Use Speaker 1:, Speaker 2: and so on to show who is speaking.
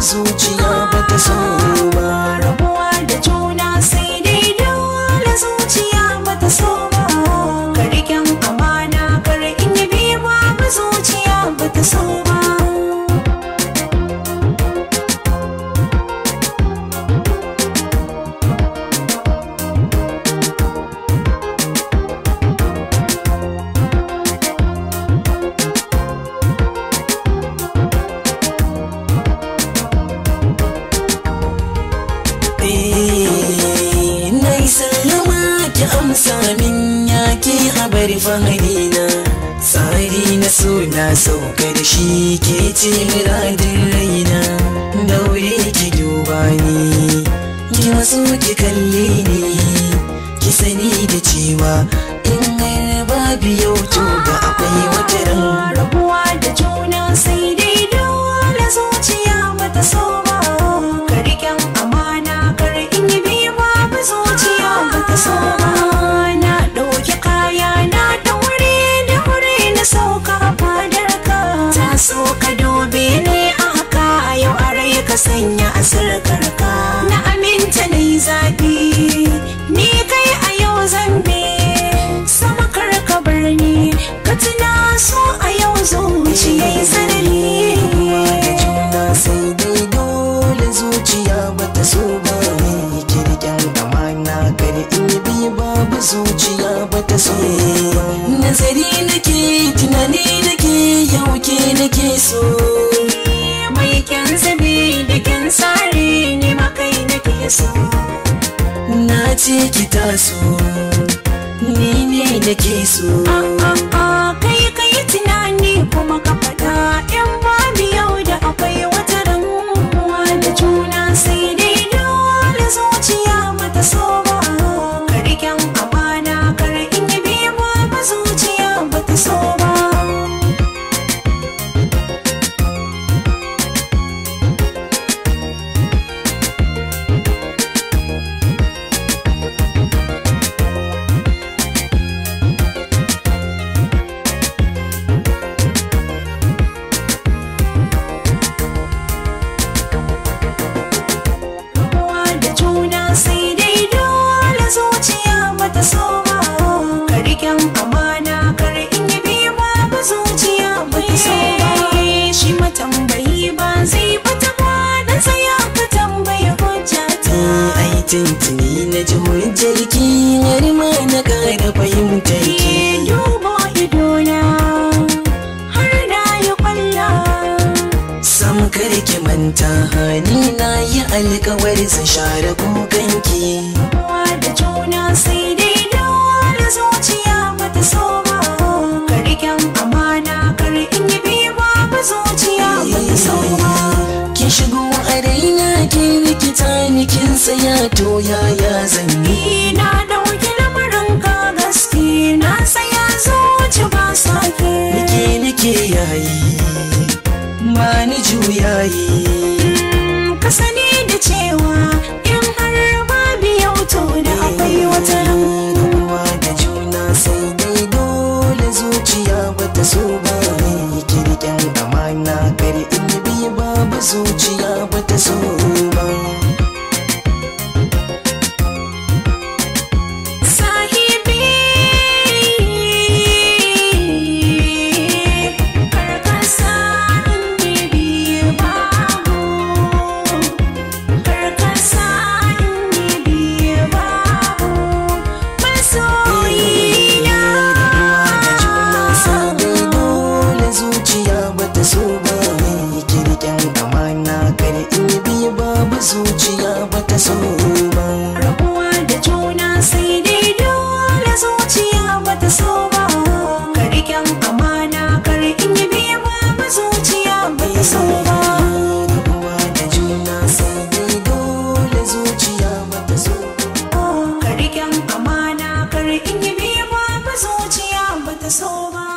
Speaker 1: zuciya ba ta so ba amsa min yaki habari fahadina tsari na suna sauka da shi ke ce muradin raina daure ki duba ni ki wasu ki kalle ni ki sani da cewa in babu yau to da akwai wata rabuwa da surkarka na aminta na yi zaɓi ni kai a yau zambe sama karka bar ni ka tuna so a yau zuciya yi sanari da juna sai dai dole zuciya bata so ba mai kirkin amana kar in bi babu zuciya bata so nazari nake tunani nake yau nake so ce ki taso ni ne nake so ah, ah, ah. manta hani na yi alkawari zan share kukanki Kowa da juna sai dai da zuciya bata so ba Ka amana kar in yi biyu ba zuciya bata so ba Ki shigo a raina ki rikita ni kin tsaya to yaya zan yi na rana kar ba bi babu zuciya ba ta so ba Oh.